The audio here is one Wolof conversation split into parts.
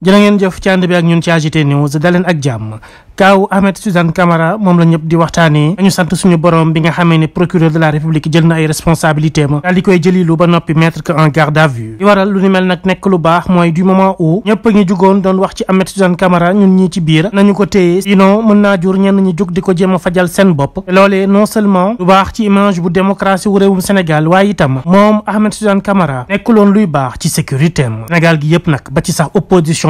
jërë ngeen jëf ci ànd bi ak ñun ci AGT News ak jàmm kaaw Ahmed Suzanne Camara moom la ñëpp di waxtaanee ñu sant suñu borom bi nga xamee ne procureur de la république jël na ay responsabilité ma daal di koy jëlilu ba noppi mettre que en garde à vue li waral lu ni mel nag nekk lu baax mooy du moment où ñëpp a ngi jugoon doon wax ci Ahmed Suzanne Camara ñun ñii ci biir nañu ko téye sinon mën naa jur ñenn ñi jug di ko jéem a fajal seen bopp loolee non seulement lu baax ci image bu démocratie wu réewum Sénégal waaye itam moom Ahmed Suzanne Camara nekkuloon luy baax ci sécurité am Sénégal yëpp nag ba ci sax opposition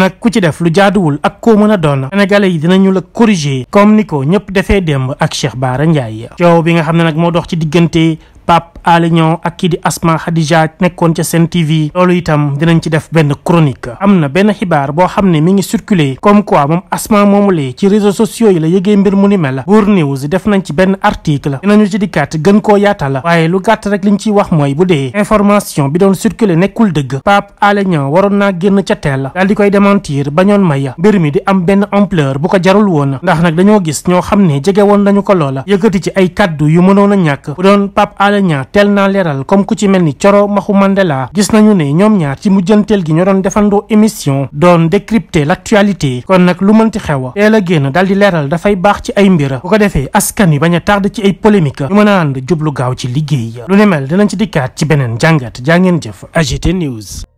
nag ku ci def lu jaaduwul ak koo mën a doon sénégalais yi dinañu la corriger comme ni ko ñëpp defee demb ak Cheikh Bara Ndiaye coow bi nga xam ne nag moo dox ci diggante Pape Alé Niang ak kii di Asma Khadija nekkoon ca Sen TV loolu itam dinañ ci def benn chronique am na benn xibaar boo xam ne mi ngi circuler comme quoi moom Asma moomulee ci réseaux sociaux yi la yëgee mbir mu ni mel Wur News def nañ ci benn article dinañu ci dikkaat gën koo yaatal waaye lu gàtt rek liñ ciy wax mooy bu dee information bi doon circuler nekkul dëgg Pape Alé Niang waroon naa génn ca teel la di koy démentir bañoon maya mbir mi di am benn ampleur bu ko jarul woon ndax nag dañoo gis ñoo xam ne jege woon nañu ko loola yëkkati ci ay kaddu yu mënoon a ñàkk bu doon Pape ñaare ñaar teel naa leeral comme ku ci mel ni Coro Maxu Mandela gis nañu ne ñoom ñaar ci mujjanteel gi ñoo doon defandoo émission doon décrypter l'actualité kon nag lu mënti xew a teel a génn daal di leeral dafay baax ci ay mbir bu ko defee askan wi bañ a tardé ci ay polémique ñu mën a ànd jublu gaaw ci liggéey lu ne mel dinañ ci dikkaat ci beneen jàngat jaa jëf AGT News